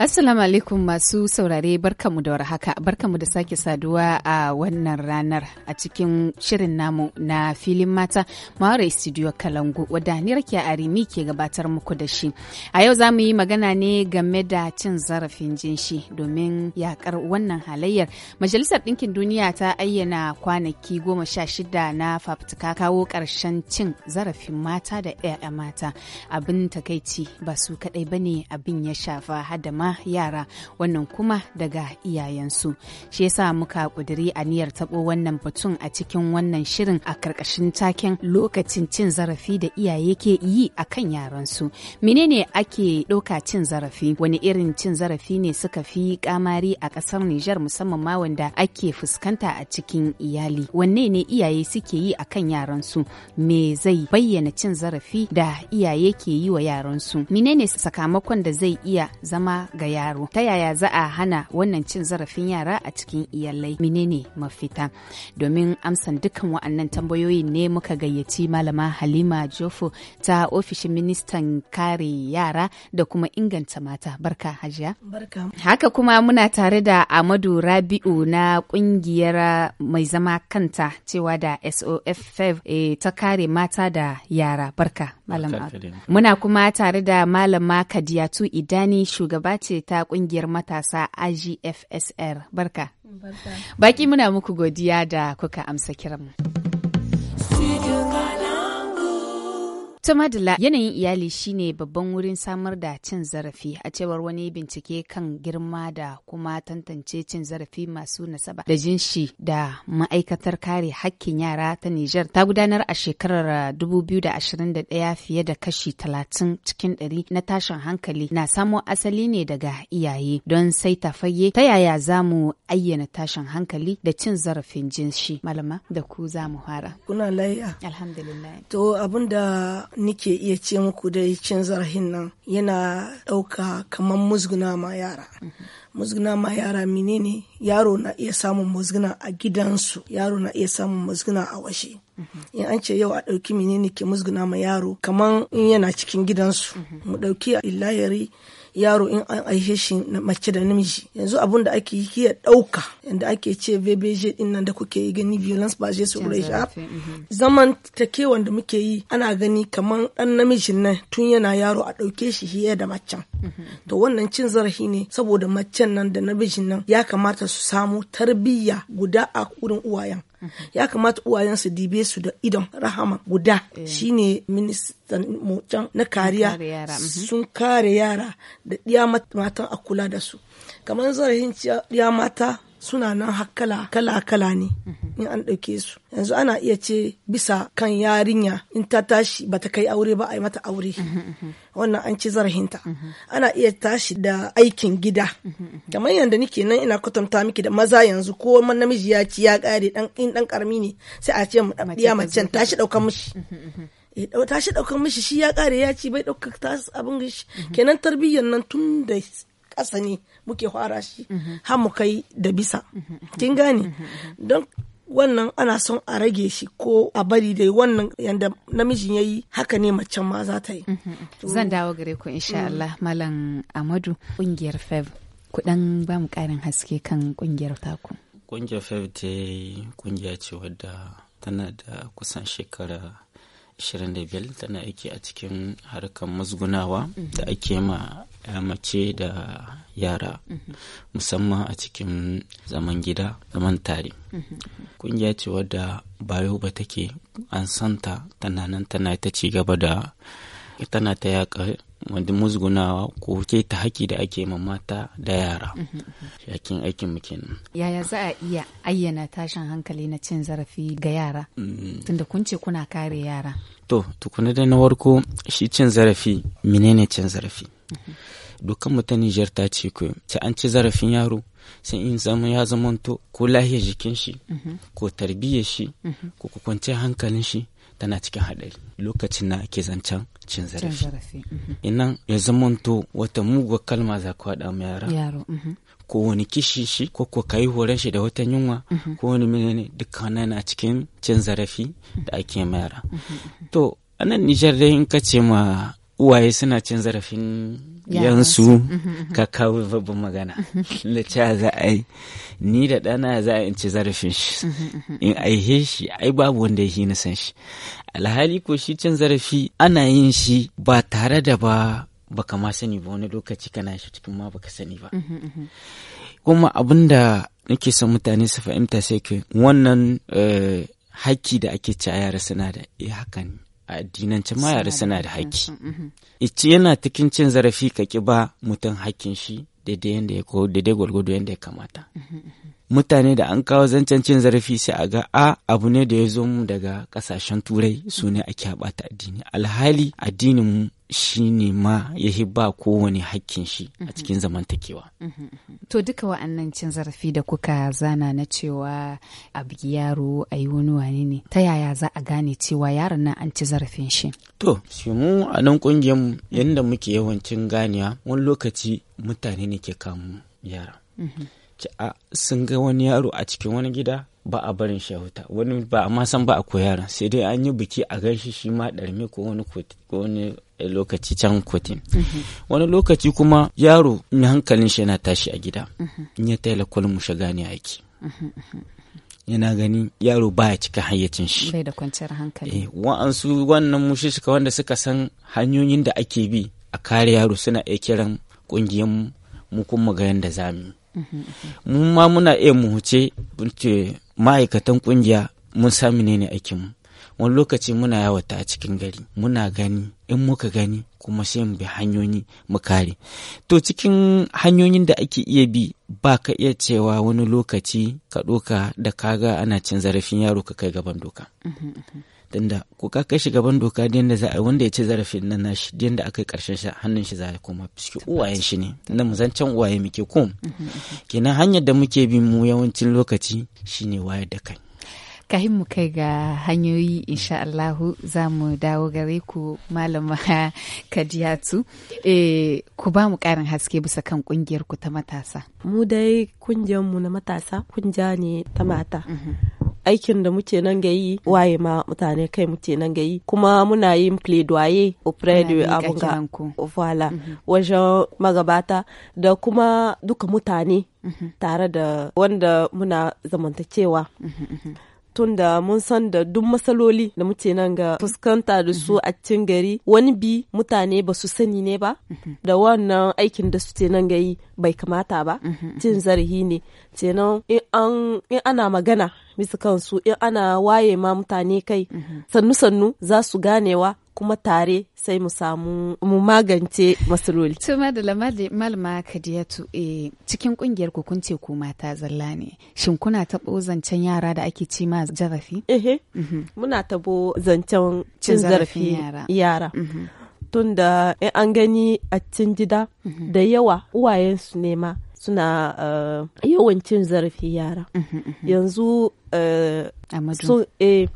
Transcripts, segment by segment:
Assalamu alaikum masu saurare barkamu da warhaka barkamu da sake saduwa a wannan ranar a cikin shirin namu na filin mata Mawara Studio Kalangu wadda ni a Arimi ke gabatar muku da shi. A yau za mu yi magana ne game da cin zarafin jinshi domin yakar wannan halayyar. Majalisar Ɗinkin Duniya ta ayyana kwanaki goma sha shida na fafutuka kawo ƙarshen cin zarafin mata da 'ya'ya mata. Abin takaici ba su kaɗai bane abin ya shafa hadama. yara wannan kuma daga iyayensu shi yasa muka kuduri aniyar tabo wannan batun a cikin wannan shirin a karkashin taken lokacin cin zarafi da iyaye ke yi a kan yaransu menene ake ɗauka cin zarafi wani irin cin zarafi ne suka fi kamari a ƙasar Nijar musamman ma wanda ake fuskanta a cikin iyali wanne ne iyaye suke yi a kan yaransu me zai bayyana cin zarafi da iyaye ke yi wa yaransu menene sakamakon da zai iya zama ga yaro ta yaya za a hana wannan cin zarafin yara a cikin iyalai menene mafita domin amsan dukkan wa'annan tambayoyin ne muka gayyaci malama halima jofo ta ofishin ministan kare yara da kuma inganta mata barka hajiya haka kuma muna tare da amadu rabi'u na kungiyar mai zama kanta cewa da sof e, eh, ta kare mata da yara barka malama muna kuma tare da malama kadiyatu idani shugaba ce ta kungiyar matasa IGFSR. Barka. Barka. Baki muna muku godiya da kuka amsa kiranmu. To Madala yanayin iyali shine babban wurin samar da cin zarafi a cewar wani bincike kan girma da kuma tantance cin zarafi masu nasaba da jinshi da ma'aikatar kare hakkin yara ta Nijar ta gudanar a shekarar 2021 ah, fiye da kashi 30 cikin 100 na tashin hankali na samo asali ne daga iyaye don sai ta fage ta yaya za mu ayyana tashin hankali da cin zarafin jinshi malama da ku za mu fara. Kuna a? Alhamdulillah. To abin da nike iya ce muku dai cin zarafin nan yana ɗauka kamar musguna ma yara musguna ma yara menene yaro na iya samun musguna a gidansu yaro na iya samun musguna a washe in an ce yau a ɗauki menene ke musguna ma yaro kamar in yana cikin gidansu mu ɗauki a illayari yaro in an aihe shi mace da namiji yanzu abun da ake yi ya ɗauka yanda ake ce bbj din nan da kuke yi gani violence ba je su zaman takewan da muke yi ana gani kaman ɗan namijin nan tun yana yaro a ɗauke shi hiye da macen mhm. to wannan cin zarafi ne saboda macen nan da namijin nan ya kamata su samu tarbiyya guda a wurin uwayen Mm-hmm. ya kamata uwayen su dibe su da idon rahama guda shine ministan mu na kariya mm-hmm. sun kare yara da diya matan a kula da su kamar zarafin ɗiya mata suna nan hakkala kala kala ne in an ɗauke su yanzu ana iya ce bisa kan yarinya in ta tashi ba ta kai aure ba a yi mata aure wannan an ci zarahinta ana iya tashi da aikin gida kamar yadda nike nan ina kwatanta miki da maza yanzu ko namiji ya ci ya ƙare in ɗan ƙarami ne sai a ce mu ya macen tashi ɗaukan mishi ta shi ɗaukar mishi shi ya kare ya ci bai ɗaukar ta abin gishi kenan tarbiyyar nan tun da ƙasa ne muke fara shi mhm. har mu kai da bisa kin gane mhm, mhm, don wannan ana son a rage shi ko a bari dai wannan yadda namijin ya yi haka ne macen ma za ta yi. Zan dawo gare ku insha mm. Allah Malam Amadu kungiyar FEV kudan ba mu karin haske kan kungiyar taku. Kungiyar FEV dai kungiya ce wadda tana da kusan shekara 25 tana aiki a cikin harkar musgunawa da ake ma mace da yara musamman a cikin zaman gida zaman tare kungiya ce wadda bayo ba take an santa tana nan tana ta ci gaba da tana ta yaƙa wanda musgunawa ko ke ta haƙi da ake ma mata da yara yakin aikin mu kenan yaya za a iya ayyana tashin hankali na cin zarafi ga yara mm. tunda kun ce kuna kare yara to tukuna da na warko shi cin zarafi menene cin zarafi dokan mu ta Nijar ta ce ku ta an ci zarafin yaro sai in zama ya zamanto ko lahiyar jikin shi mhm. ko tarbiyyar shi mhm. ko kwanciyar hankalin shi tana cikin haɗari lokacin na ke zancen cin zarafi mhm. inan ya zamanto wata mugu kalma za ku haɗa mu yara ko wani kishi shi ko ko kai horon shi da wata yunwa ko wani menene dukkanan na cikin cin zarafi da ake yara. to anan nijar dai in ka ma uwaye suna cin zarafin yansu ka kawo babban magana da cewa za a yi ni da ɗana za a in ci zarafin shi in aihe shi ai babu wanda ya na san shi alhali ko shi cin zarafi ana yin shi ba tare da ba baka ma sani ba wani lokaci kana shi cikin ma baka sani ba mhm, mhm. kuma abin da nake son mutane su fahimta sai ke wannan eh, haƙƙi da ake ci a yara suna da eh haka ne a addinance ma yare suna da haƙƙi mhm. ice yana cikin cin zarafi ka ƙi ba mutum haƙƙin shi daidai yadda ya da dai gwargwado yadda ya kamata mhm, mhm. mutane da an kawo zancen cin zarafi sai a ga a abu ne da ya zo mu daga kasashen turai su ne ake ta addini alhali addinin mu shi ne ma ya ba kowane hakkin shi a mhm. cikin zamantakewa. Mhm, mhm. To duka wa'annan cin zarafi da kuka zana na cewa a bugi yaro a yi wani wani ne ta yaya za a gane cewa yaron nan an ci zarafin shi? To, shi mu a nan kungiyar yadda muke yawancin ganiya wani lokaci mutane ne ke kamun yara. a sun ga wani yaro a cikin wani gida ba a barin shi huta wani ba a ma san ba a yaron sai dai an yi biki a gan shi ma ko wani ko wani eh, lokaci can kotin mm-hmm. wani lokaci kuma yaro mai hankalin shi yana tashi a gida mm-hmm. in ya taila kwalmu musha gani aiki mm-hmm, yana gani yaro baya cika hayyacin shi bai da kwanciyar hankali eh, wa'ansu wannan suka wanda suka san hanyoyin da ake bi a kare yaro suna iya kiran kungiyan mu kuma ga yanda zamu mun ma muna iya mu huce ma'aikatan kungiya mun ne aikin mu wani lokaci muna yawata a cikin gari muna gani in muka gani kuma sai mu bi hanyoyi mu kare to cikin hanyoyin da ake iya bi ba ka iya cewa wani lokaci ka ɗoka da kaga ana cin zarafin yaro ka kai gaban doka mhm, mhm. tunda ko ka kai shi gaban doka da yadda za a wanda ya ci zarafin nan nashi da yadda aka yi karshen shi hannun shi za a koma fiske uwayen shi ne tunda mu zancen uwaye muke ko mhm, mhm, mhm. kenan hanyar da muke bi mu yawancin lokaci shine wayar da kai kahin mu kai ga hanyoyi insha Allahu za mu dawo gare ku malama kadiyatu e, eh, ku ba mu karin haske bisa kan kungiyar ku ta matasa mu dai kungiyar mu na matasa kungiya ne ta mata aikin da muke nan ga yi waye ma mutane kai muke nan ga yi kuma muna yin plaidoyer auprès de abunga voilà mhm. wajen magabata da kuma duka mutane mhm. tare da wanda muna zamantakewa mhm, tun da mun san da duk matsaloli da muke nan ga fuskanta da su a cikin gari wani bi mutane ba su sani ne ba da wannan aikin da su nan ga yi bai kamata ba cin zarafi ne kenan in ana magana bisa kansu in ana waye ma mutane kai sannu sannu za su ganewa kuma tare sai mu samu mu magance masaroli. To da malama Kadiyatu e eh, cikin kungiyar ku kun ce ku mata zalla ne. Shin kuna tabo zancen yara da ake ce ma zarafi? Ehe. Mhm. Muna tabo zancen cin zarafi yara. Yara. Mhm. Tunda in an gani a cin gida mhm. da yawa uwayensu ne ma suna uh, yawan cin zarafi yara. Yanzu eh,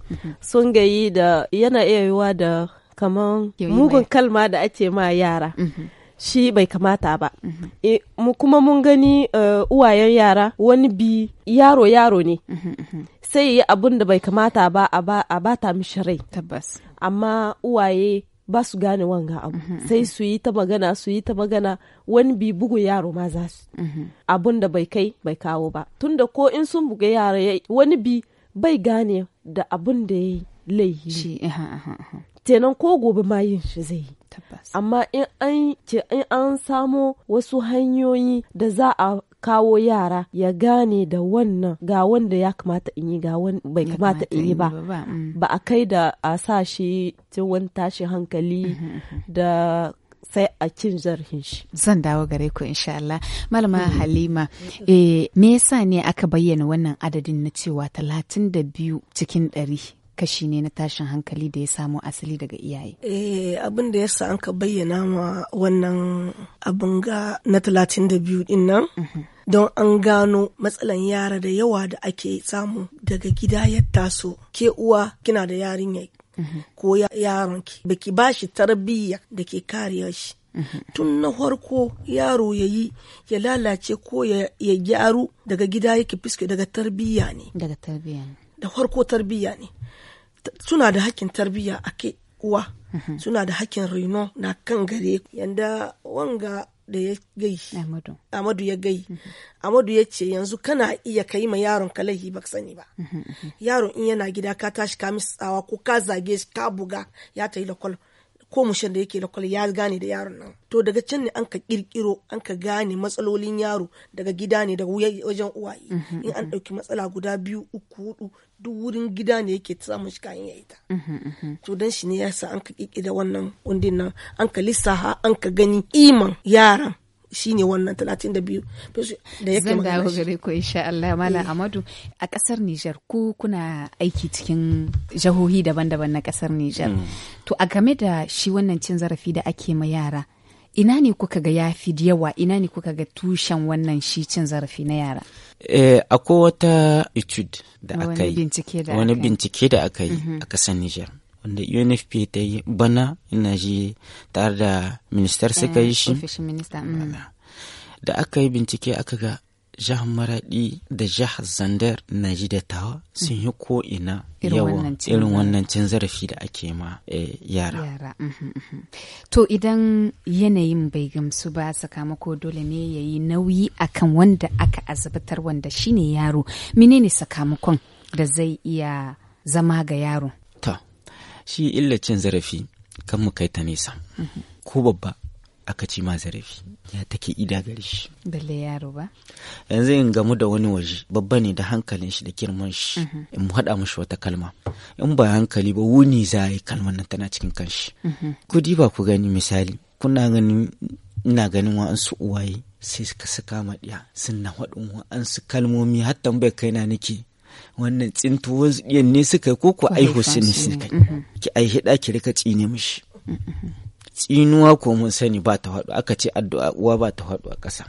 sun gayi da yana iya yiwa da kamar mugun kalma da ake ma yara mhm. shi bai kamata ba mhm. e, mu kuma mun gani e, uwayen yara wani bi yaro yaro ne mhm, sai yi abun da bai kamata ba a bata mishi rai tabbas amma uwaye ba su gane wanga abu sai su yi ta magana su yi ta magana wani bi bugu yaro ma za su abin da bai kai bai kawo ba tunda ko in sun buga yara wani bi bai gane da abun da ya yi laihi eh, kenan ko gobe ma yin shi zai yi amma in an ce in an samo wasu hanyoyi da za a kawo yara ya gane da wannan ga wanda ya kamata in yi ga wanda bai kamata in yi ba mm. ba a kai da a sa shi wani tashi hankali mm-hmm, mm-hmm, mm-hmm. da sai a cin zarhin shi. Zan dawo gare ku insha Allah. Malama mm. Halima, mm. eh me yasa ne aka bayyana wannan adadin na cewa talatin da biyu cikin ɗari kashi ne na tashin hankali da ya samo asali daga iyaye. Eh abin da yasa an ka bayyana ma wannan abin ga na talatin da biyu din nan. Mhm. Don an gano matsalan yara da yawa da ake samu daga gida ya taso ke uwa kina da yarinya mhm. ko yaronki baki ba shi tarbiyya da ke kariya shi. Mhm. Tun na farko yaro ya yi ya lalace ko ya gyaru daga gida yake fiske daga tarbiyya ne. Daga tarbiyya ne. da farko tarbiyya ne suna da hakkin tarbiyya a kai uwa mhm. suna da hakkin raino na kan gare yanda wanga da ya gai amadu ya gai mhm. amadu ya ce yanzu kana iya ka yi ma yaron ka laihi ba sani ba mhm, yaron in yana gida ka tashi ka misawa ko ka zage shi ka buga ya ta yi lakwal ko mushen da yake lakwal ya gane da yaron nan to daga can ne an ka kirkiro an ka gane matsalolin yaro daga gida ne daga wajen uwaye in an ɗauki matsala guda biyu uku hudu duk wurin gida ne yake samun shi kayan ya ita mhm, mhm. to dan shi ne yasa an ka kikida wannan kundin nan an ka lissaha an ka gani iman yaran ne wannan 32 da yake zan dawo gare ku insha Allah Mala eh. Amadu a kasar Niger ku kuna aiki cikin jahohi daban-daban na kasar Niger mm. to a game da shi wannan cin zarafi da ake ma yara ina ne kuka ga ya fi yawa ina ne kuka ga tushen wannan shi cin zarafi na yara eh akwai wata etude da aka yi wani bincike da aka yi mm-hmm. a kasar Niger wanda UNFP ta yi bana ina ji tare da ministar suka yi shi eh, mm. da aka yi bincike aka ga jihar maraɗi da jihar zandar na ji da tawa sun yi ko'ina ina yawan irin wannan cin zarafi da ake ma eh, yara. Mhm, mhm. To idan yanayin bai gamsu ba sakamako dole ne ya yi nauyi akan wanda aka azabtar wanda shine yaro menene sakamakon da zai iya zama ga yaro? To, shi illa cin zarafi kan mu kai ta nisa. Mhm. Ko babba aka ci ma zarafi ya take ida gare shi balle yaro ba yanzu in gamu da wani waje babba ne da hankalin shi da girman shi mhm. in mu hada mashi wata kalma in ba hankali ba wuni za a yi kalmar nan tana cikin kanshi mhm. kudi ba ku gani misali kuna ganin ina ganin wa'ansu uwaye sai suka saka ma ɗiya wa an wa'ansu kalmomi har kai na nake wannan tsintuwar ne suka yi ko ku aihu su ne suka mhm. ki aihi ɗaki rika tsine mishi tsinuwa ko mun sani ba ta faɗo aka ce addu'a uwa ba ta faɗo a ƙasa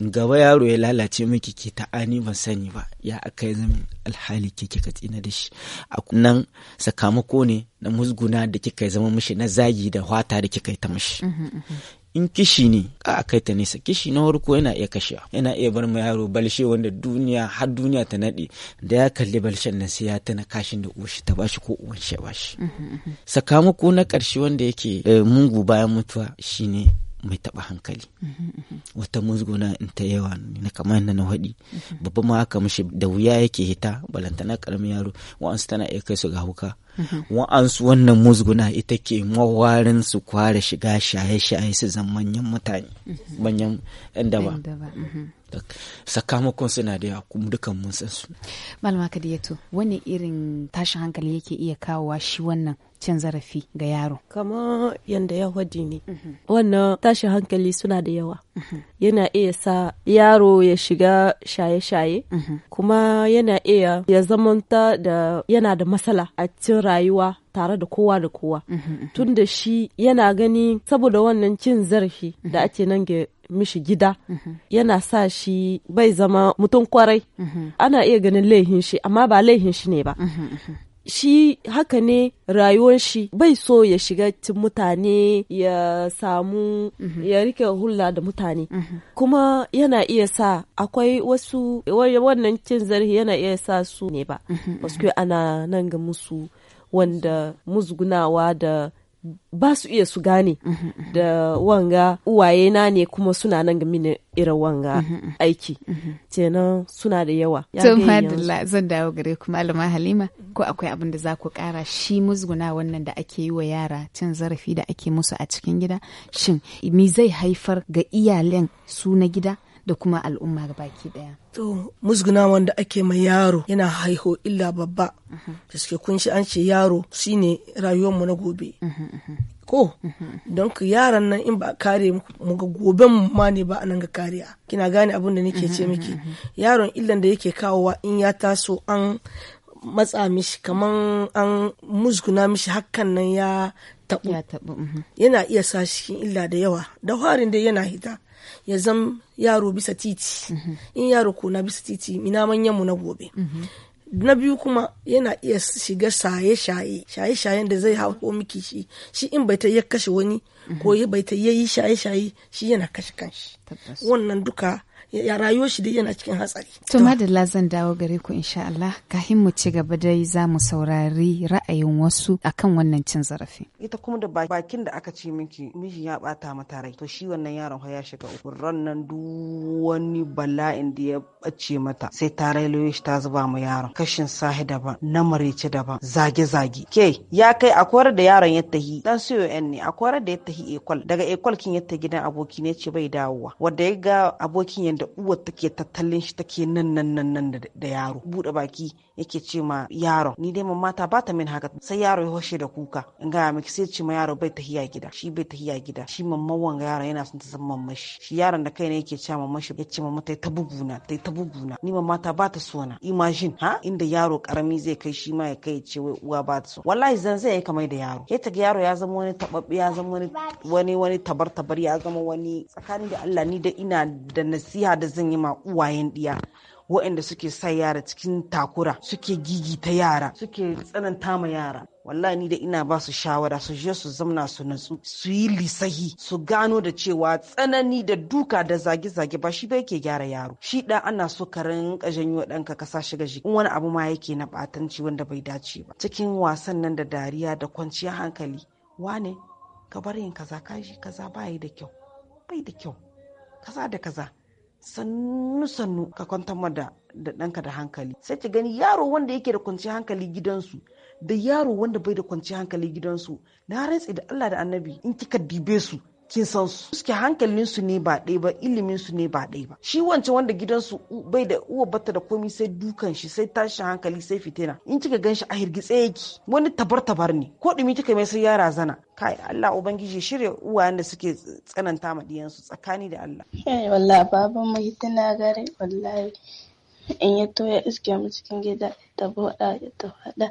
gaba yaro ya lalace miki ke ta ani ban sani ba ya aka yi zama alhali ke kika tsina da shi a nan sakamako ne na musguna da kika zama mishi na zagi da wata da kika yi ta mishi mm-hmm, mm-hmm. in kishi ne a kai ta nesa kishi na farko yana iya kashewa yana iya bar ma yaro balshe wanda duniya har duniya ta nade da ya kalli balshen nan sai ya tana kashin da uwashi ta bashi ko uwan shi bashi mm-hmm, mm-hmm. sakamako na karshe wanda yake eh, mungu bayan mutuwa shine mai taɓa hankali mhm, mhm. wata musguna in ta yawa na kama yadda na haɗi mhm. babba ma aka mishi da wuya yake hita balantana karamin yaro wa'ansu tana iya kai su ga hauka wa'ansu wannan musguna ita ke mawarin su kware shiga shaye-shaye su zan manyan mutane manyan 'yan daba sakamakon suna da yawa kuma dukan mun san su malama kadiyatu wani irin tashin hankali yake iya kawowa shi wannan cin zarafi ga yaro kamar yanda ya hwadi ne mhm. wannan tashin hankali suna da yawa mhm. yana iya sa yaro ya shiga shaye-shaye mhm. kuma yana iya ya zamanta da yana da matsala a cin rayuwa tare da kowa da kowa tun da shi yana gani saboda wannan cin zarafi da ake nan ga mishi gida yana sa shi bai zama mutum kwarai ana iya ganin laihin shi amma ba laihin shi ne ba shi haka ne rayuwar shi bai so ya shiga cin mutane ya samu mhm. ya rike hula da mutane mhm. kuma yana iya sa akwai wasu wannan cin zari yana iya sa su ne ba wasu mhm. ana nan ga musu wanda musgunawa da ba su iya su gane da wanga uwaye na ne kuma suna nan ga mini irin wanga aiki kenan suna da yawa tun fadila zan dawo gare ku malama halima ko akwai abin da za ku kara shi musguna wannan da ake yi wa yara cin zarafi da ake musu a cikin gida shin me zai haifar ga iyalen su na gida da kuma al'umma baki daya to musguna wanda ake ma yaro yana haiho illa babba da mhm. suke kunshi an ce yaro shine rayuwarmu na gobe mhm, mhm. ko don ka yaran nan in ba a kare mu ga goben ma ne ba a nan ga kariya kina gane abin da nake ce miki yaron illan da yake kawowa in ya taso an matsa mishi kaman an musguna mishi hakan nan ya taɓu yana iya sa cikin illa da yawa da harin dai yana hita ya zam yaro bisa titi in yaro ko na bisa titi mina manyan mu na gobe na biyu kuma yana iya shiga shaye-shaye shaye-shayen da zai hauko miki shi shi in bai ta ya kashe wani ko bai ta yayi shaye-shaye shi yana kashe kanshi wannan duka ya rayuwar shi yana cikin hatsari. To madalla zan dawo gare ku insha Allah kafin mu ci gaba dai za mu saurari ra'ayin wasu akan wannan cin zarafi. Ita kuma da bakin da aka ce miki mijin ya bata mata rai to shi wannan yaron ya shiga uku nan duk wani bala'in da ya bace mata sai ta railoyo shi ta zuba mu yaron kashin sahi daban na marece daban zage zage ke ya kai akwai da yaron ya tahi dan yan ne akwai da ya tahi ekol daga ekol kin ya tahi gidan aboki ne ce bai dawowa wanda ya ga abokin ya da uwar take tattalin shi take nan nan nan nan da yaro buɗe baki yake ce ma yaron ni dai mamma ta bata min haka sai yaro ya hoshe da kuka in ga miki sai ce ma yaro bai tahiya gida shi bai tahiya gida shi mamman wanga yaro yana son ta san mamman shi shi yaron da ne yake cewa mamman shi yace mamma tai ta buguna tai ta buguna ni mamma ta bata sona imagine ha inda yaro karami zai kai shi ma ya kai ce wai uwa ba ta so wallahi zan zai yi kamar da yaro ya taga yaro ya zama wani tababbi ya zama wani wani tabar tabar ya zama wani tsakanin da Allah ni da ina da nasiha kira da zan yi ma uwayen ɗiya waɗanda suke sa yara cikin takura suke gigita yara suke tsananta ma yara wallahi ni da ina ba su shawara su je su zamna su natsu su yi lisahi su gano da cewa tsanani da duka da zage-zage ba shi ba yake gyara yaro shi da ana so ka rinka janyo ɗanka ka sa shi gaji in wani abu ma yake na ɓatanci wanda bai dace ba cikin wasan nan da dariya da kwanciyar hankali wane ka bar yin kaza kaji kaza bayi da kyau bai da kyau kaza da kaza sannu sannu ka kwanta mada da ɗanka da hankali sai ki gani yaro wanda yake da kwanci hankali gidansu da yaro wanda bai da kwanci hankali gidansu na rantsi da Allah da annabi in kika dibe su kin san su suke hankalin su ne ba ɗaya ba ilimin su ne ba ɗaya ba shi wancan wanda gidansu bai da uwa bata da komai sai dukan shi sai tashi hankali sai fitina in kika gan shi a hirgitse yake wani tabar tabar ne ko ɗumi kika mai sai ya razana kai Allah ubangiji shirya uwayen da suke tsananta ma su tsakani da Allah eh wallahi baban mai tana gare wallahi in ya toya iske mu cikin gida ta buɗa ya ta faɗa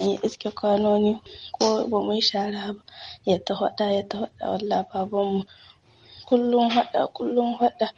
in ya iske kwanoni ko ba mu yi shara ba ya ta faɗa ya ta faɗa wallah babanmu kullum faɗa kullum faɗa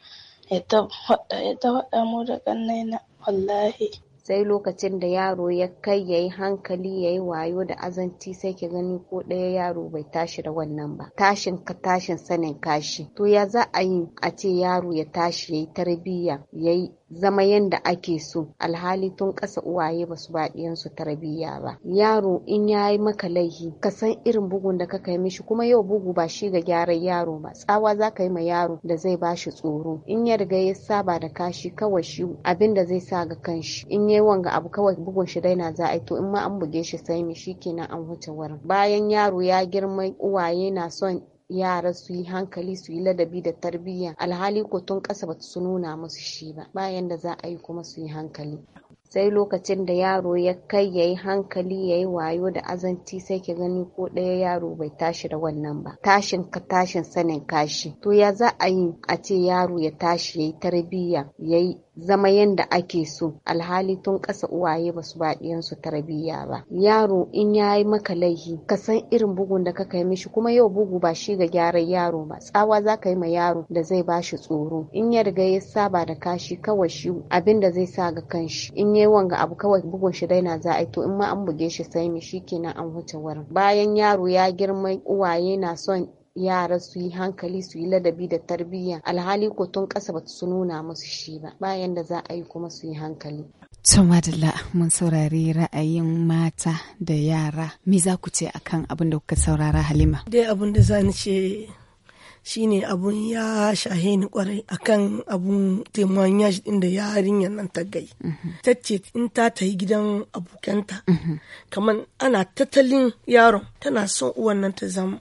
ya ta faɗa ya ta faɗa mu da ƙannaina wallahi sai lokacin da yaro ya kai ya yi hankali ya yi wayo da azanci sai ki gani ko ɗaya yaro bai tashi da wannan ba tashin ka tashin sanin kashi to ya za a yi a ce yaro ya tashi ya yi tarbiyya yayi zama yanda ake so alhali tun kasa uwaye ba su ba tarbiyya ba yaro in ya yi maka laihi ka san irin bugun da ka yi mishi kuma yau bugu ba shi ga gyaran yaro ba tsawa za ka yi ma yaro da zai ba shi tsoro in ya riga ya saba da kashi kawai shi abin da zai sa ga kanshi in ya yi wanga abu kawai bugun shi daina za a yi to in ma an buge shi sai mi kenan an huce wurin bayan yaro ya girma uwaye na son yara su yi hankali su yi ladabi da tarbiyya alhali ko tun ƙasa ba su nuna musu shi ba bayan da za a yi kuma su yi hankali sai lokacin da yaro ya kai ya yi hankali ya yi wayo da azanci sai ki gani ko ɗaya yaro bai tashi da wannan ba tashin ka tashin sanin kashi to ya za a yi a ce yaro ya tashi ya yi tarbiyya ya yi zama yanda ake so alhali tun ƙasa uwaye ba su ba ɗiyansu tarbiyya ba yaro in ya yi maka laihi ka san irin bugun da ka kai mishi kuma yau bugu ba shi ga gyaran yaro ba tsawa za ka yi ma yaro da zai ba shi tsoro in ya riga ya saba da kashi kawai shi abin da zai sa ga kanshi in yi wanga abu kawai bugun shi daina za a yi to in ma an buge shi sai mi kenan an huce wurin bayan yaro ya girma uwaye na son yara su yi hankali su yi ladabi da tarbiyya alhali ko tun ƙasa ba su nuna musu shi ba bayan da za a yi kuma su yi hankali Tumadala mun saurari ra'ayin mata da yara. Me za ku ce akan abin da kuka saurara Halima? Dai abin da za ni ce shine abun ya shahe ni kwarai akan abun taimakon yashi din da yarinyar nan ta gai mhm. ta ce in ta tayi gidan abokanta mhm. kamar ana tattalin yaron tana son uwan nan ta zama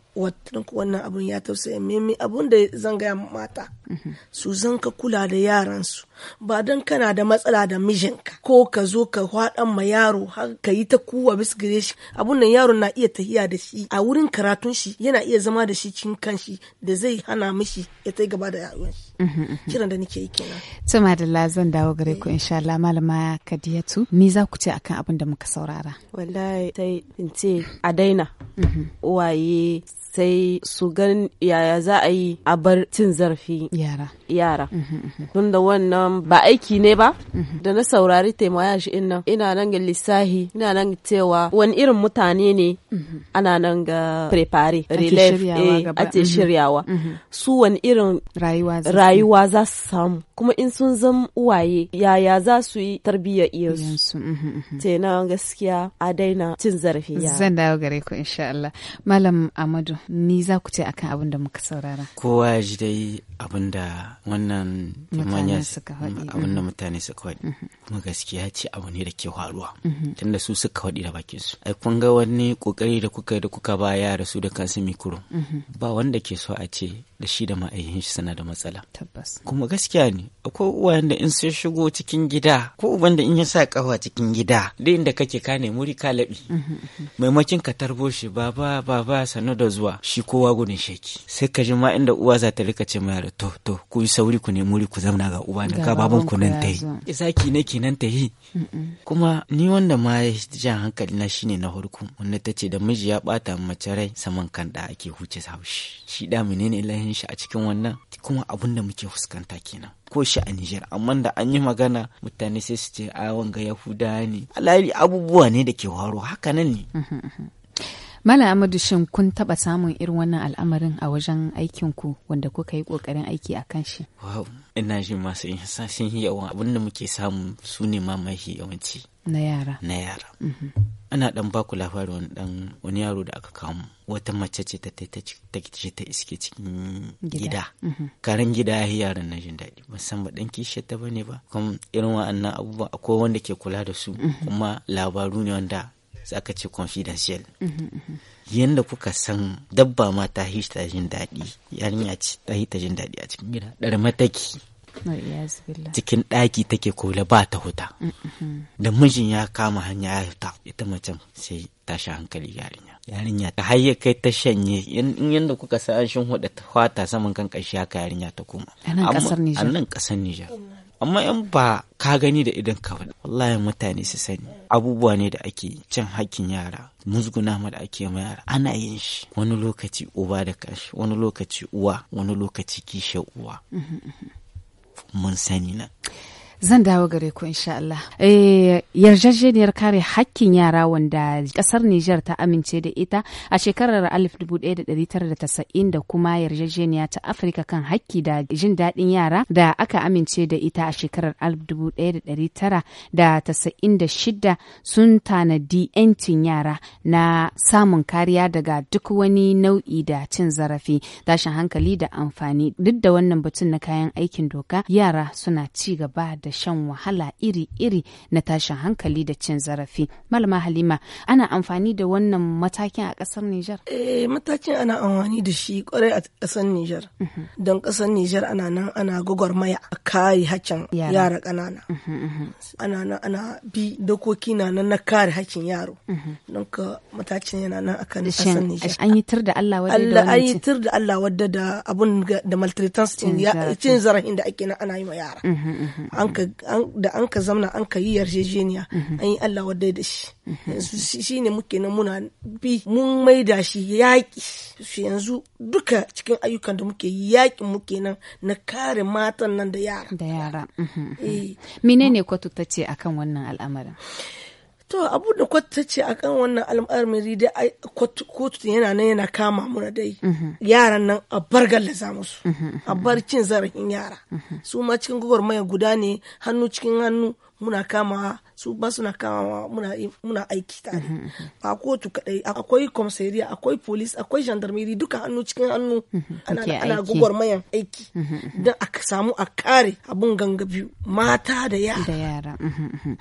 wannan abun ya tausaya mimi abun da zan gaya mata mhm. su zanka kula da yaransu ba don kana da matsala da mijinka ko ka zo ka haɗa ma yaro har ka yi ta kuwa bis gare shi abun nan yaron na iya tahiya da shi a wurin karatun shi yana iya zama da shi cikin kanshi da zai hana mishi ya ta gaba da yaron shi mhm, mhm, mhm. kiran da nake yi kenan to madalla zan dawo gare ku eh. insha Allah malama Kadiyatu me za ku ce akan abin da muka saurara wallahi sai in ce a daina uwaye sai su gan yaya za a yi a bar cin zarafi yara yara tunda wannan ba aiki ne ba mhm. da na saurari taimaya in ina ina nan ga lissahi ina nan cewa wani irin mutane ne mhm. ana nan ga prepare relief eh, ake mhm. shiryawa su wani irin rayuwa za su samu kuma in sun zama uwaye yaya za su yi tarbiyyar iyansu na gaskiya a daina cin zarafi ya zan dawo gare ku insha Allah malam Amadu ni za ku ce akan abin da muka saurara kowa ya ji dai abin da wannan manya suka abin da mutane suka faɗi mhm. kuma gaskiya ce abu ne da ke faruwa mhm. tunda su suka faɗi da bakin su ai kun ga wani kokari da kuka da kuka ba yara su da kansu mikro mhm. ba wanda ke so a ce da shi da ma'ayin shi suna da matsala tabbas kuma gaskiya ne akwai uwayen da in sun shigo cikin gida ko uban da in ya sa kawa cikin gida da inda kake ka nemi wuri ka laɓi maimakin ka tarbo shi baba baba sannu da zuwa shi kowa gudun sheki sai ka ji ma inda uwa za ta rika ce ma yara to to ku yi sauri ku nemi muri ku zamana ga uba na ga baban ku nan ta yi eh, zaki ne kenan ta yi kuma ni wanda ma ya jan hankali na shine na farko wanda ta ce da miji ya bata mace rai saman kan da ake huce haushi shi da menene lahin shi a cikin wannan kuma abun da muke fuskanta kenan ko shi a Nijar amma da an yi magana mutane sai su ce a wanga Yahuda ne alhali abubuwa ne da ke haro haka nan ne mm-hmm, mm-hmm. Malam Amadu shin kun taba samun irin wannan al'amarin a wajen aikinku wanda kuka yi kokarin aiki a kan shi? Wow, ina jin masu yin sashen yawan abin muke samu su ne ma mahi yawanci. Na yara. Na yara. Mhm. Ana dan baku labarin wani dan wani yaro da aka kamu wata mace ce ta ta iske cikin gida. Mhm. Karin gida ya yi yaran na jin daɗi musamman ɗan kishiyar ta bane ba. Kuma irin wa'annan abubuwa akwai wanda ke kula da su mhm. kuma labaru ne wanda sai aka ce confidential mhm, mhm. yadda kuka san dabba ma ta yi ta jin daɗi yarinya ce ta yi ta jin daɗi a cikin gida ɗar mataki cikin ɗaki take kola ba ta huta mm, mhm. da mijin ya kama hanya ya huta ita macen sai tashi hankali yarinya yarinya ta hayya kai ta shanye yadda kuka san an shin huda ta fata saman kan ƙarshe haka yarinya ta koma a nan ƙasar Nijar amma in ba ka gani da idan ka wallahi mutane su sani abubuwa ne da ake cin hakkin yara musguna ma da ake ma yara ana yin shi wani lokaci uba da kashi wani lokaci uwa wani lokaci kishe uwa mm-hmm, mm-hmm. mun sani na Zan dawo gare ku insha Allah. Eh, yarjejeniyar kare hakkin yara wanda kasar Nijar ta amince da ita a shekarar 1990 da kuma yarjejeniya ta Afrika kan hakki da jin daɗin yara da aka amince da ita a shekarar 1996 sun tanadi 'yancin yara na samun kariya daga duk wani nau'i da cin zarafi tashin hankali da amfani duk da wannan batun na kayan aikin doka yara suna ci gaba da da shan wahala iri-iri na tashin hankali da cin zarafi. Malama Halima, ana amfani da wannan matakin a ƙasar Nijar? Eh, matakin ana amfani da shi kwarai a ƙasar Nijar. Mhm. Don ƙasar Nijar ana nan ana gwagwarmaya a kare haccin yara ƙanana. Mhm, mhm. Ana nan ana bi dokoki na nan na kare haccin yaro. Don ka matakin yana nan a kan ƙasar Nijar. An yi tur da Allah wadda da wannan An yi tur da Allah wadda da abun da maltretans cin zarafin da ake nan ana yi ma yara. An da an ka zamna an ka yi yarjejeniya mhm. an yi Allah wadda da shi mhm. yanzu shi ne muke nan muna bi mun maida shi yaƙi yanzu duka cikin ayyukan da muke yi yaƙin muke nan na kare matan nan da yara da yara mhm. Eh. menene kwatuta ce akan wannan al'amarin to abu da kwata ce a kan wannan al'amari dai kotu yana nan yana kama muna dai yaran nan a bar za musu a bar cin zarafin yara su ma cikin gwagwarmaya guda ne hannu cikin hannu muna kama su ba suna kama muna, muna aiki tare mhm, mhm. ba kotu kadai akwai komisariya akwai polis akwai gendarmerie duka hannu cikin hannu mhm, ana, gugwar mayan aiki don a samu a kare abun ganga biyu mata da yara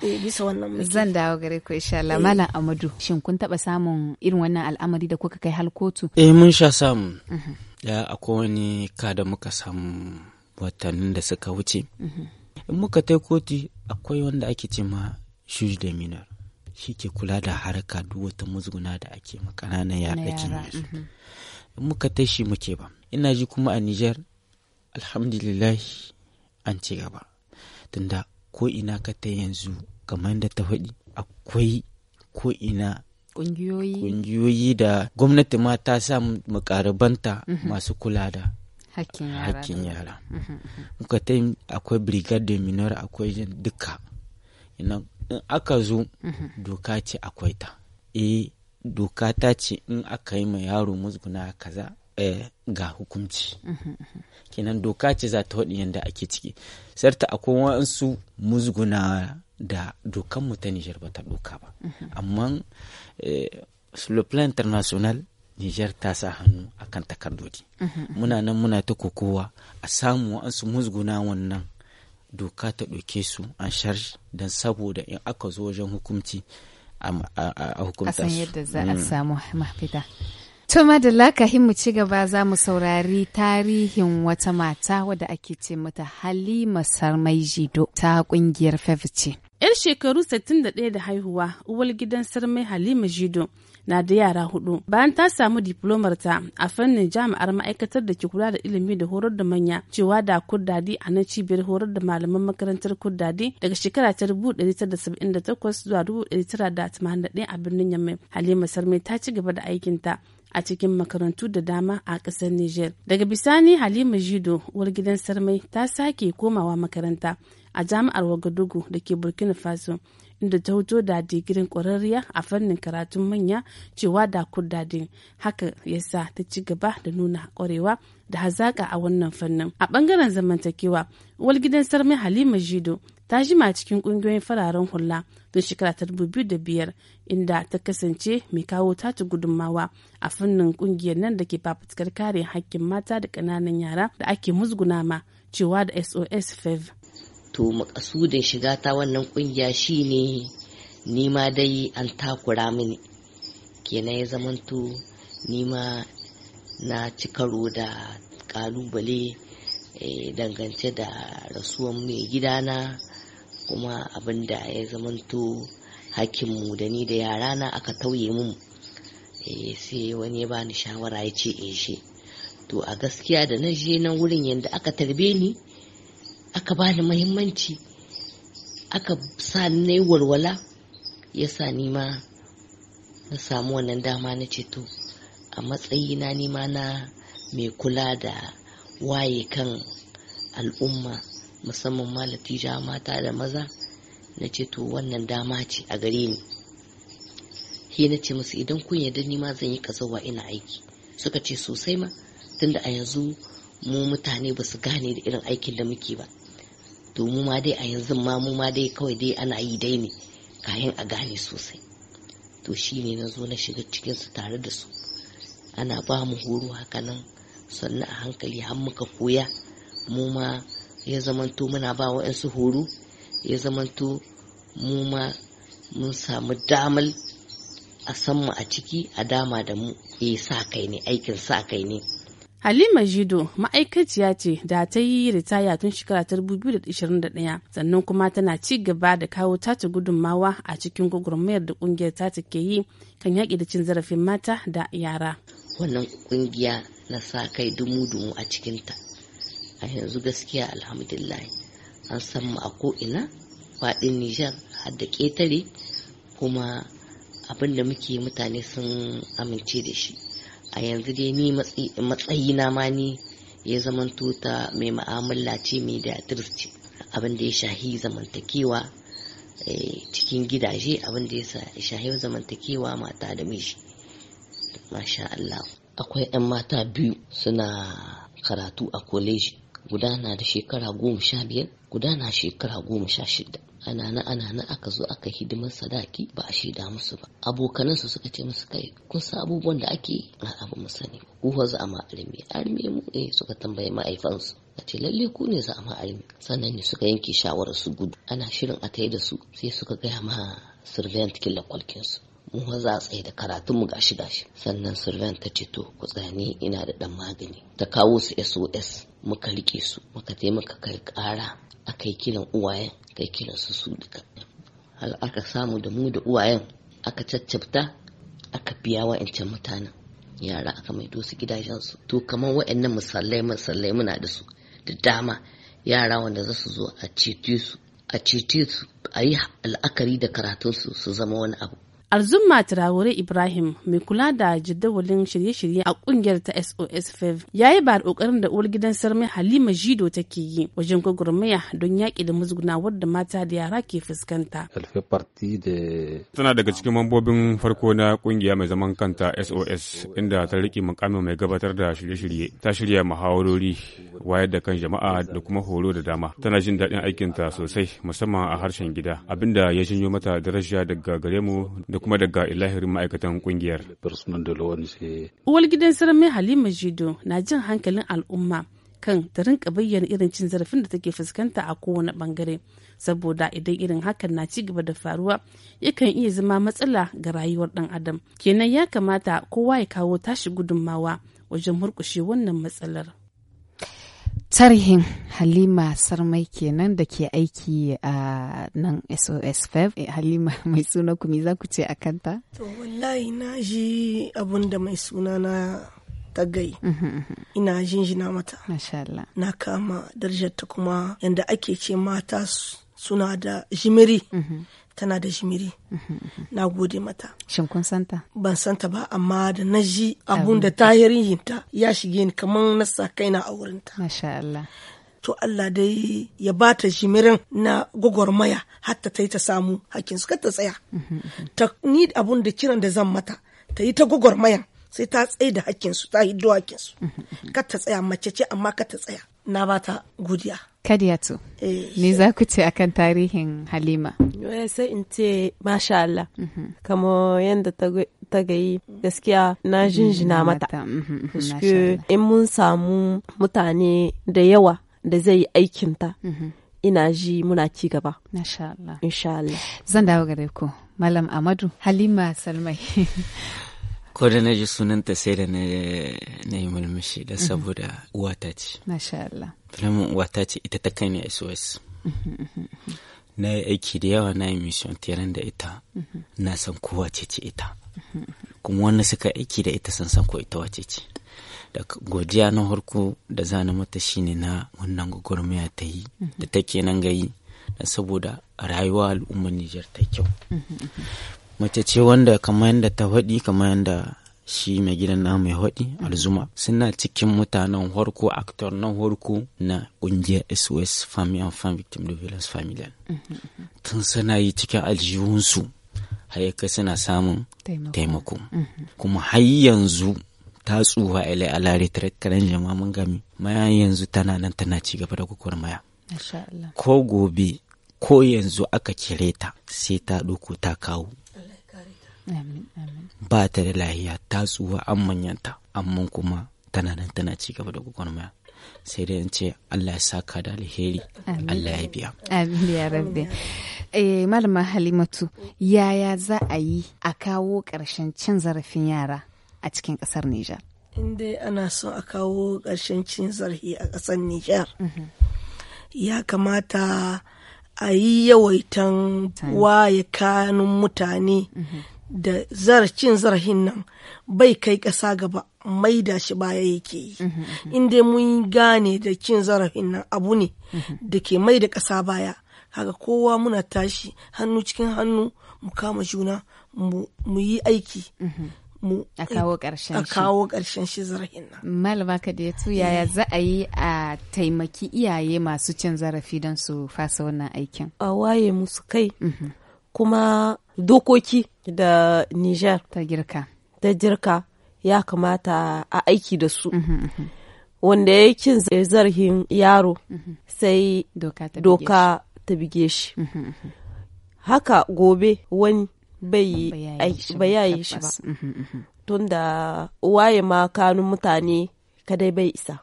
eh, bisa wannan zan dawo gare ku insha Allah malam eh. Amadu shin kun taba samun irin wannan al'amari da kuka kai halkotu. kotu eh mun sha samu ya akwai wani ka da muka samu watannin da suka wuce in muka tai koti akwai wanda ake ce ma shuj da minar shi ke kula da harka duk wata muzguna da ake makana na yara mhm. in muka tai shi muke ba ina ji kuma a niger alhamdulillah an ci gaba tunda ko ina ka ta yanzu kamar da ta faɗi akwai ko ina ƙungiyoyi da gwamnati ma ta sa makarabanta mhm. masu kula da hakkin yara mhm, mhm, mhm. muka ta akwai brigade minor akwai yin duka in aka zo doka ce akwai ta e doka ta ce in aka yi ma yaro musguna kaza eh, ga hukunci kenan doka ce za ta waɗin yadda ake ciki sarta akwai wasu musguna da dokan mu ta nijar ba ta doka ba amma eh, sur international Nijar ta sa hannu a kan takardodi. Mhm. Muna nan muna ta kokowa a samu an su musguna wannan doka ta ɗauke su an don saboda in aka zo wajen hukumci a hukumta su. yadda za a mm. samu mafita. To madalla kahin mu ci gaba za mu saurari tarihin wata mata wadda ake ce mata Halima Sarmai Jido ta kungiyar Fevice. 'Yar shekaru 61 da haihuwa, uwar gidan Sarmai Halima Jido na da yara hudu. Bayan ta samu diplomar ta a fannin jami'ar ma'aikatar da ke kula da ilimi da horar da manya cewa da kudadi a nan cibiyar horar da malaman makarantar kudadi daga shekara ta 1978 zuwa 1981 a birnin Yamai. Halima Sarmai ta ci gaba da aikin ta a cikin makarantu da dama a ƙasar niger. Daga bisani Halima Jido, uwar gidan Sarmai, ta sake komawa makaranta a jami'ar Wagadugu da ke Burkina Faso. inda ta hoto da digirin ƙwararriya a fannin karatun manya cewa da kudadin haka ya sa ta ci gaba da nuna ƙwarewa da hazaƙa a wannan fannin a ɓangaren zamantakewa uwar gidan sarmi halima jido ta jima cikin ƙungiyoyin fararen hula tun shekara ta dubu da biyar inda ta kasance mai kawo tatu gudunmawa a fannin ƙungiyar nan da ke fafutukar kare hakkin mata da ƙananan yara da ake musguna ma cewa da sos fev. to makasudin shiga ta wannan kungiya shine nima dai an takura mini kenan ya zamanto nima na cikaro da kalubale eh, dangance da rasuwan mai gidana kuma abin da ya zamanto hakinmu da ni da yarana aka tauye mun eh, sai wani ya bani shawara ya ce in shi to a gaskiya da na je nan wurin yadda aka tarbe ni aka ba bani mahimmanci aka sa ni walwala ya sa ni ma na samu wannan dama na ceto a matsayina na ma na mai kula da waye kan al'umma musamman ma latija mata da maza na ceto wannan dama ce a gare ni he na ce musu idan kun yarda ni ma zan yi kazawa ina aiki suka ce sosai ma tunda a yanzu mu mutane ba su gane da irin aikin da muke ba to mu ma dai a yanzu ma mu ma dai kawai dai ana yi dai ne kayan a gane sosai to shi ne na zo na shiga cikinsu tare da su ana ba mu horo haka nan sannan a hankali har muka koya mu ma ya zamanto muna ba 'yansu horo ya zamanto mu ma mun samu damal a sanmu a ciki a dama da mu eh sa kai ne aikin sa kai ne Halima Jido ma'aikaciya ce da ta yi ritaya tun shekara ta 2021 sannan kuma tana ci gaba da kawo tace gudunmawa a cikin gwagwarmayar da kungiyar ta ke yi kan yaƙi da cin zarafin mata da yara. Wannan kungiya na sa kai dumu-dumu a cikinta. A yanzu gaskiya alhamdulillah an san mu a ko'ina faɗin Nijar har da ƙetare kuma abin da muke mutane sun amince da shi. a yanzu dai ni matsayina ma ne ya zamanto ta mai ma'amala ce mai da ce abin da ya shahi zamantakewa eh, cikin gidaje abin da ya shahi zamantakewa mata da miji masha Allah akwai 'yan mata biyu suna karatu a kwaleji guda na da shekara goma sha biyar guda na shekara goma sha shida ana na ana na aka zo aka hidimar sadaki ba a shaida musu ba abokanansu suka ce musu kai kun san abubuwan da ake a abu mu sani ku fa za a ma arme arme mu eh suka tambaye ma'aifansu a ce lalle ku ne za a ma arme sannan ne suka yanke shawarar su gudu ana shirin a tayi da su sai suka gaya ma surveillance killa kwalkinsu mu a tsaye da karatun mu gashi gashi sannan surveyan ta ce to ku tsani ina da dan magani ta kawo su SOS muka rike su muka taimaka kai kara akai kiran uwayen kai kiran su su duka hal aka samu da mu da uwayen aka caccabta aka biya wa'ancan mutanen yara aka maido su su. to kamar wa'annan misalai misalai muna da su da dama yara wanda za su zo a cece su a cece su a yi da karatunsu su zama wani abu Alzumma Traore Ibrahim mai kula da jadawalin shirye-shirye a kungiyar ta SOS FEV ya yi ba da kokarin da uwar gidan sarmai Halima Jido take yi wajen gwagwarmaya don yaƙi da musgunawar wadda mata da yara ke fuskanta. Tana daga cikin mambobin farko na kungiya mai zaman kanta SOS inda ta riƙe mukamin mai gabatar da shirye-shirye ta shirya muhawarori wayar da kan jama'a da kuma horo da dama tana jin daɗin aikinta sosai musamman a harshen gida abinda ya janyo mata daraja daga gare mu da kuma daga ilahirin ma'aikatan kungiyar. Uwar gidan sarami Halima Jido na jin hankalin al'umma kan ta rinka bayyana irin cin zarafin da take fuskanta a kowane bangare saboda idan irin hakan na ci gaba da faruwa yakan iya zama matsala ga rayuwar ɗan adam kenan ya kamata kowa ya kawo tashi gudunmawa wajen murkushe wannan matsalar. sharhin halima sarmai kenan da ke aiki a nan sos e eh, halima mai suna kuma za ku ce a kanta to wallahi na ji abun da mai suna na tagai mhm, mhm. ina jinjina mata na kama darajarta kuma yadda ake ce mata suna da jimiri mhm. tana da jimiri na gode mata shin kun santa ban santa ba amma da na ji abun da tahirihinta ya shige ni kamar na sa kaina a wurinta masha Allah to Allah dai ya ba ta jimirin na gwagwarmaya hatta ta yi ta samu hakkin su ta tsaya ta ni abun da kiran da zan mata ta yi ta gwagwarmayan sai ta tsaye da hakkin su ta yi hakkin su ta tsaya mace ce amma kata ta tsaya na ba ta godiya Kadiyatu, eh. ni za ku ce akan tarihin Halima? sai in ce masha Allah, mhm. kama yadda ta gayi gaskiya na jinjina mata. Mhm, mhm, in mun samu mutane da yawa da zai yi aikinta, ina ji muna ci gaba. Masha Allah. Allah. Zan dawo gare ku. Malam Amadu Halima Salmai ko da na ji sunanta sai da na yi mulmushi da mhm. saboda uwata ce masha Allah filamin uwata ita ta kai ne SOS mhm, mhm, na yi aiki da yawa na yi mission tiran da ita na san kowa ce ce ita kuma wanda suka aiki da ita san san ko ita wace ce da godiya na harko da zana mata shi ne na wannan gwagwarmaya ta yi da take nan gayi saboda rayuwa al'ummar Nijar ta kyau. mace ce wanda kamar yadda ta faɗi kamar yadda shi mai gidan na mai haɗi alzuma suna cikin mutanen horko actor na horko na ƙungiyar sos family and family victim da violence family tun suna yi cikin aljihunsu hayyaka suna samun taimako mm-hmm. kuma har yanzu ta tsuha ilai alare karen jama'a mun gami maya yanzu tana nan tana ci gaba da maya. ko gobe ko yanzu aka kire ta sai ta ɗauko ta kawo ba ta da lahiya ta tsuwa an manyanta amma kuma tana nan tana ci gaba da gwagwarmaya sai dai in ce Allah ya saka da alheri Allah ya biya amin ya rabbi eh malama halimatu yaya za a yi a kawo ƙarshen cin zarafin yara a cikin ƙasar Nijar in dai ana so a kawo ƙarshen cin zarafi a ƙasar Nijar mhm. ya kamata a yi yawaitan waye kanun mutane mhm. da zarcin zarhin nan bai kai ƙasa gaba mai da shi baya yake yi mhm, mhm. in dai mun gane da cin zarafin nan abu ne mhm. da ke mai da ƙasa baya haka kowa muna tashi hannu cikin hannu mu kama juna mu yi aiki a kawo ƙarshen shi zarafin nan. Malama tuya yaya eh. za a yi a taimaki iyaye masu cin zarafi don su fasa wannan aikin? A waye musu kai kuma dokoki da Nijar ta girka ta girka ya kamata a aiki da su mhm, mhm. wanda ya zarhin yaro mhm. sai doka ta bige shi haka gobe wani bai yayi shi ba tunda waye ma kanun mutane kadai bai isa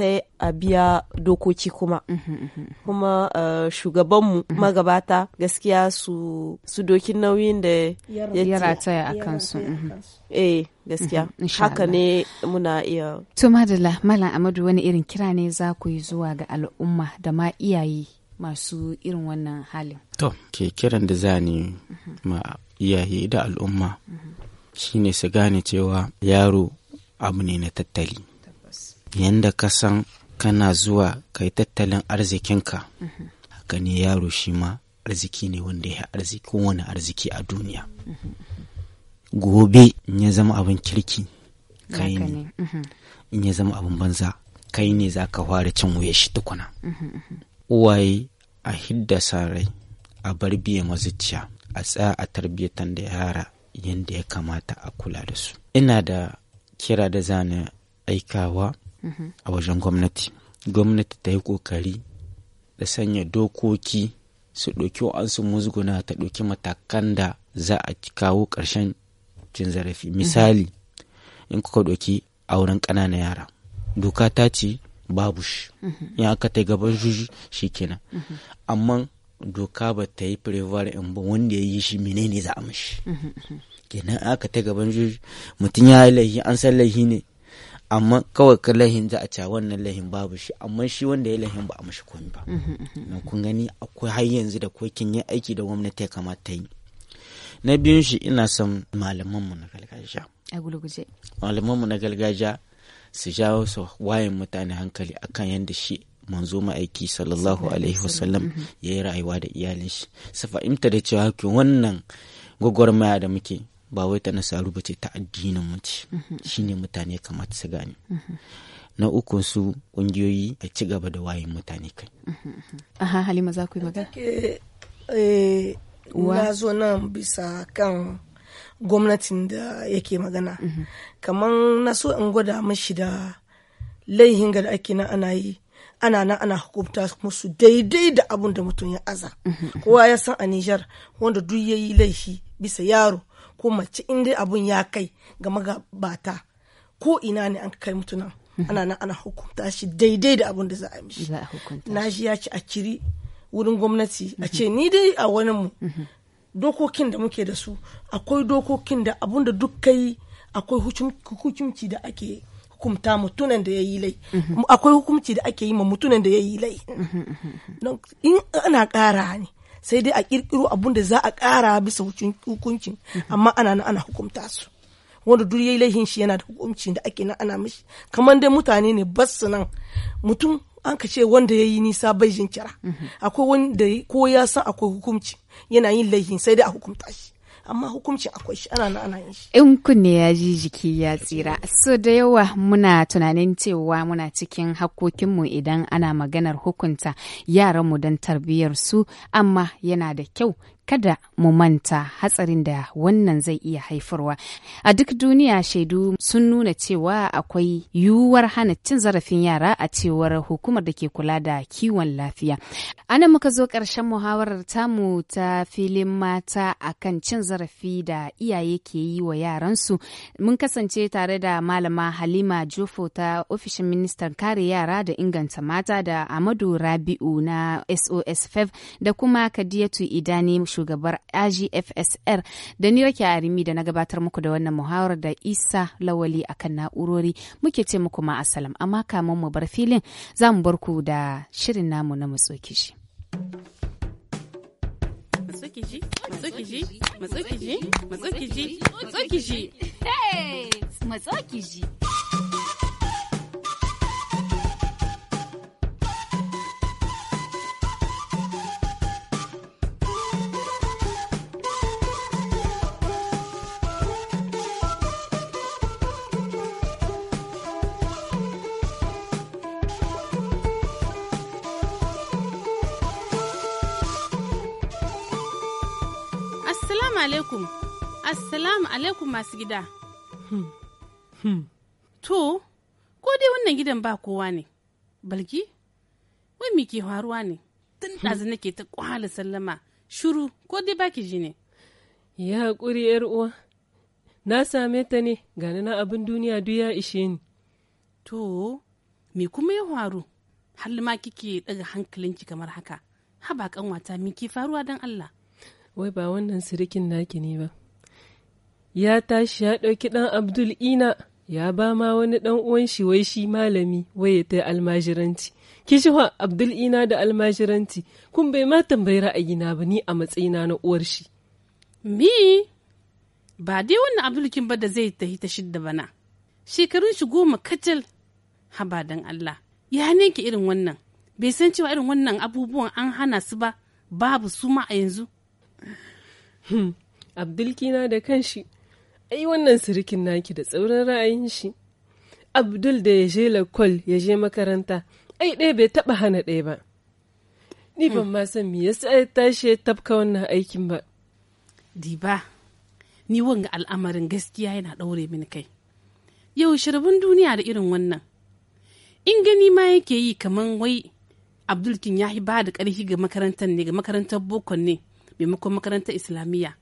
sai a biya dokoki kuma kuma eh, shugabanmu mhm. magabata gaskiya su dokin nauyin da ya rataya a mhm. kansu eh gaskiya mhm, haka ne muna iya to madalla malam amadu wani irin kira ne za ku yi zuwa ga al'umma da ma iyaye masu irin wannan halin to ke kiran da za ni ma iyaye da al'umma shine su gane cewa yaro abu ne na tattali yanda ka san kana zuwa ka yi tattalin arzikinka haka ne yaro shi ma arziki ne wanda ya arziki wani arziki a duniya gobe in ya zama abin kirki kai ne mhm. in ya zama abin banza kai ne za ka fara cin wuya shi tukuna mhm, mhm. uwaye a hidda sarai a bar biya mazuciya a tsaya a tarbiyyatan da yara yadda ya kamata a kula da su ina da kira da zane aikawa a wajen gwamnati gwamnati ta yi kokari da sanya dokoki su ɗauki wa'ansu musguna ta ɗauki matakan da za a kawo ƙarshen cin zarafi mhm. misali in kuka ɗauki auren ƙananan yara doka ta ce babu shi mhm. in aka ta gaban juju shi kenan mhm. amma doka ba ta yi prevar in ba wanda ya yi shi menene za a mishi kenan aka ta gaban mutum ya yi laihi an san laihi ne amma kawai ka lahin za a ca wannan lahin babu shi amma shi wanda ya lahin ba a mashi komi ba mm-hmm, mm-hmm. na kun gani akwai har yanzu da kokin kin yi aiki da gwamnati ya kamata yi na biyun shi ina son malaman mu na gargajiya a gulguje malaman na gargajiya su jawo su wayan mutane hankali akan yadda shi manzo aiki sallallahu alaihi wasallam ya yi rayuwa da iyalin shi su fahimta da cewa wannan gwagwarmaya da muke ba wai ta nasaru ba ce ta addinin mace. Shi mhm. shine mutane kamata su gane mhm. na uku su kungiyoyi a ci gaba da wayin mutane kai mhm, aha halima za ku yi magana eh, zo nan bisa kan gwamnatin da yake magana kamar na so in gwada mashi da laihin ga da ake na ana yi ana nan ana hukumta musu daidai da abun da mutum ya aza kowa ya san a nijar wanda duk ya yi laifi bisa yaro ko mace in dai abun ya kai ga magabata ko ina ne an kai mutuna mhm. ana nan ana hukunta shi daidai da abun da za a mishi na shi ya ci a kiri wurin gwamnati a mhm. ce ni dai a wani mu mhm. dokokin da muke da su akwai dokokin da abun da duk kai akwai hukunci da ake hukumta mutunan da ya yi lai akwai hukunci da ake yi ma mutunan da ya yi lai in ana kara ne sai dai a kirkiro abun da za a kara bisa hukuncin amma ana nan ana hukunta su wanda duk yayi laihin shi yana da hukunci da ake nan ana mishi kamar dai mutane ne bas nan mutum an ka ce wanda yayi nisa bai jin mhm. akwai wanda ko ya san akwai hukunci yana yin laihin sai dai a hukunta shi amma hukunci akwai shi ana ana yin shi in kunne ya ji jiki ya tsira so da yawa muna tunanin cewa muna cikin hakkokinmu idan ana maganar hukunta yaranmu don tarbiyyar su amma yana da kyau kada mu manta hatsarin da wannan zai iya haifarwa. A duk duniya shaidu sun nuna cewa akwai yiwuwar hana cin zarafin yara a cewar hukumar da ke kula da kiwon lafiya. Ana muka zo ƙarshen muhawarar tamu ta filin mata akan cin zarafi da iyaye ke yi wa yaransu. Mun kasance tare da malama Halima Jofo ta ofishin ministan kare yara da inganta mata da Amadu Rabi'u na SOS 5 e da kuma Kadiyatu Idani shugabar agfsr da ni rake arimi da na gabatar muku da wannan muhawar da isa lawali akan na'urori muke ce muku ma asalam amma kamar mu bar filin za mu bar ku da shirin namu na matsoki shi matsukiji matsukiji matsukiji matsukiji matsukiji matsukiji alaikum. Assalamu alaikum masu gida. Hmm. Hmm. To, ko dai wannan gidan ba kowa ne. Balki, wai me ke faruwa ne? Tun hmm. ɗazu nake ta kwala sallama, shuru ko dai baki ji ne. Ya haƙuri uwa, na same ta ne gani na abin duniya duk ya ishe ni. To, me kuma ya faru? Har ma kike ɗaga hankalinki kamar haka. Haba ƙanwata, me ke faruwa don Allah? wai ba wannan sirikin naki ne ba ya tashi ya ɗauki ɗan abdul ina ya ba ma wani ɗan uwan shi wai shi malami wai ya ta almajiranci kishiwa abdul ina da almajiranci kun bai ma tambayi ra'ayina ba ni a matsayina na uwar shi mi ba dai wannan abdul kin ba da zai tafi ta shidda bana shekarun shi goma kacal haba dan allah ya neki irin wannan bai san cewa irin wannan abubuwan an hana su ba babu su ma a yanzu Hmm. Abdulkina da kanshi, ai wannan sirikin naki da tsaurin ra'ayin shi. Abdul da ya je lakol ya je makaranta, ai ɗaya bai taɓa hana ɗaya ba. Ni ban hmm. ma san me ya tashi ya tafka wannan aikin ba. Diba, ni wanga al'amarin gaskiya yana ɗaure mini kai. Yau shirbin duniya da irin wannan. In gani ma yake yi kaman wai Abdulkin ya ba da ƙarfi ga makarantar ne ga makarantar bokon ne maimakon makarantar islamiyya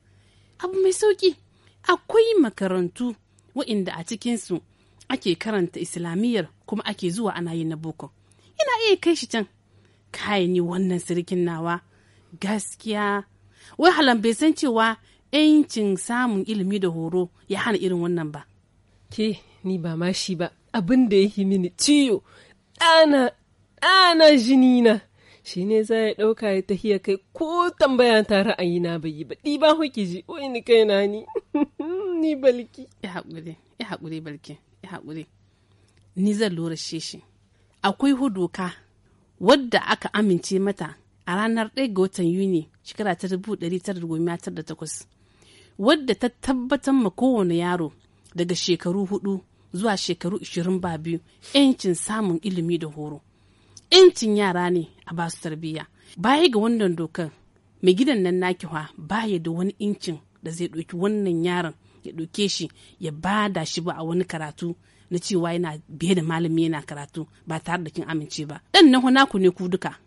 abu mai sauki akwai makarantu waɗanda a cikinsu ake karanta islamiyyar kuma ake zuwa ana yin na boko ina iya kai shi can kai ni wannan sirkin nawa gaskiya wai halan bai san cewa 'yancin samun ilimi da horo ya hana irin wannan ba ke ni ba ma shi ba abin da ya yi mini ciyo ɗana ɗana jinina shi ne za ya ɗauka ya tahiya kai ko tambaya ta ra'ayi na bai yi ba ɗi ba huki ji o ni kai na ni ni balki ya haƙuri ya haƙuri balki ya haƙuri ni zan lura shi shi akwai hudoka wadda aka amince mata a ranar ɗaya ga watan yuni shekara ta dubu tara tara da goma takwas. wadda ta tabbatar ma kowane yaro daga shekaru hudu zuwa shekaru biyu 'yancin samun ilimi da horo yancin yara ne a ba su tarbiyya baya ga wannan dokar, mai gidan nan naki ba baya da wani incin da zai ɗauki wannan yaron ya ɗauke shi ya ba da shi ba a wani karatu na cewa yana biye da malami yana karatu ba tare da kin amince ba ɗan na ku ne ku duka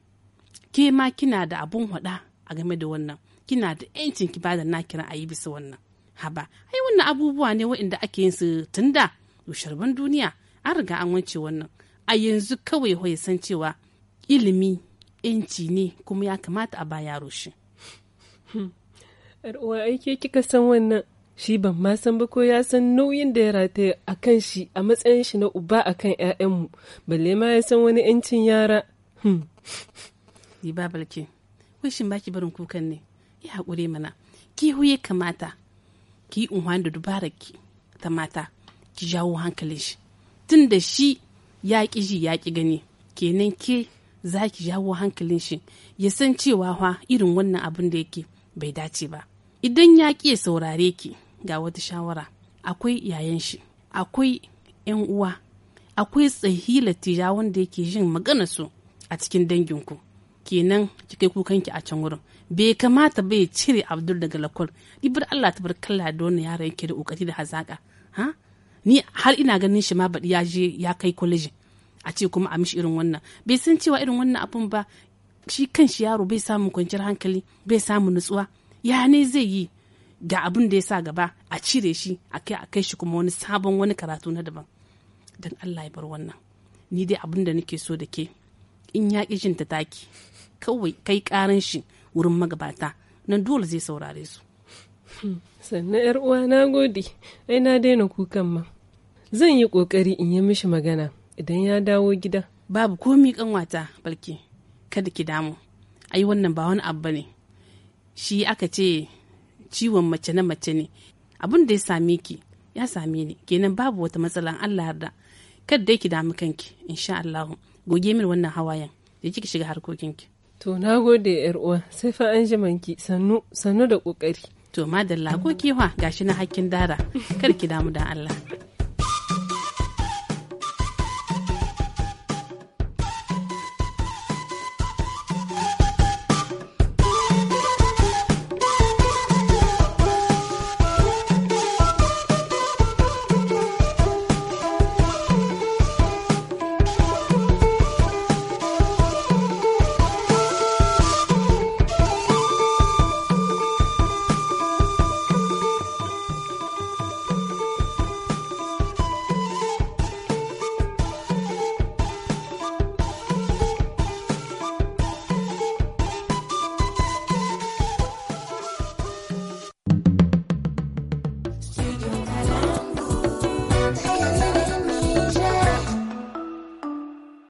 ke ma kina da abun hada a game da wannan kina da yancin ki bada naki ra'ayi bisa wannan haba ai wannan abubuwa ne waɗanda ake yin su tunda to duniya an riga an wance wannan a yanzu kawai hoye san cewa ilimi yanci ne kuma ya kamata a ba yaro shi hmm. wa kika san wannan shi ban ma san ba ko ya san nauyin da ya rataya a kan shi a matsayin shi na uba a kan 'ya'yanmu balle ma ya san wani 'yancin yara yi hmm. ba balke wishin ki barin kukan ne ya haƙuri mana ki huye kamata ki yi unhuwa da dubarar ki ta mata ki jawo hankalin shi tun da shi ya ƙi ji ya ƙi gani kenan ke za ki jawo hankalin shi ya san cewa fa irin wannan abin da yake bai dace ba idan ya ƙi ya saurare ki ga wata shawara akwai yayan shi akwai yan uwa akwai tsahila tija wanda yake jin magana su a cikin danginku kenan ki kai ki a can wurin bai kamata bai cire abdul daga lakwal ibar allah ta bar kalla da wannan yaran ki da kokari da hazaka ha ni har ina ganin shi ma baɗi ya je ya kai kwaleji a ce kuma a mishi irin wannan bai san cewa irin wannan abun ba shi kan shi yaro bai samun kwanciyar hankali bai samu nutsuwa ya ne zai yi ga abin da ya sa gaba a cire shi a kai a kai shi kuma wani sabon wani karatu na daban don Allah ya bar wannan ni dai abin da nake so da ke in ya ƙi jin ta taki kawai kai ƙaran shi wurin magabata nan dole zai saurare su sannan yar uwa na gode ai na daina kukan ma zan yi kokari in yi mishi magana idan ya dawo gida babu komi kanwata balki kada ki damu ai wannan ba wani abu ne shi aka ce ciwon mace na mace ne abin da ya same ki ya same ni kenan babu wata matsala Allah yarda kada dai ki damu kanki insha Allah goge min wannan hawayen da kike shiga harkokinki to na gode yar uwa sai fa an ki sannu sannu da kokari to madalla ko kiwa gashi na hakkin dara kar ki damu da Allah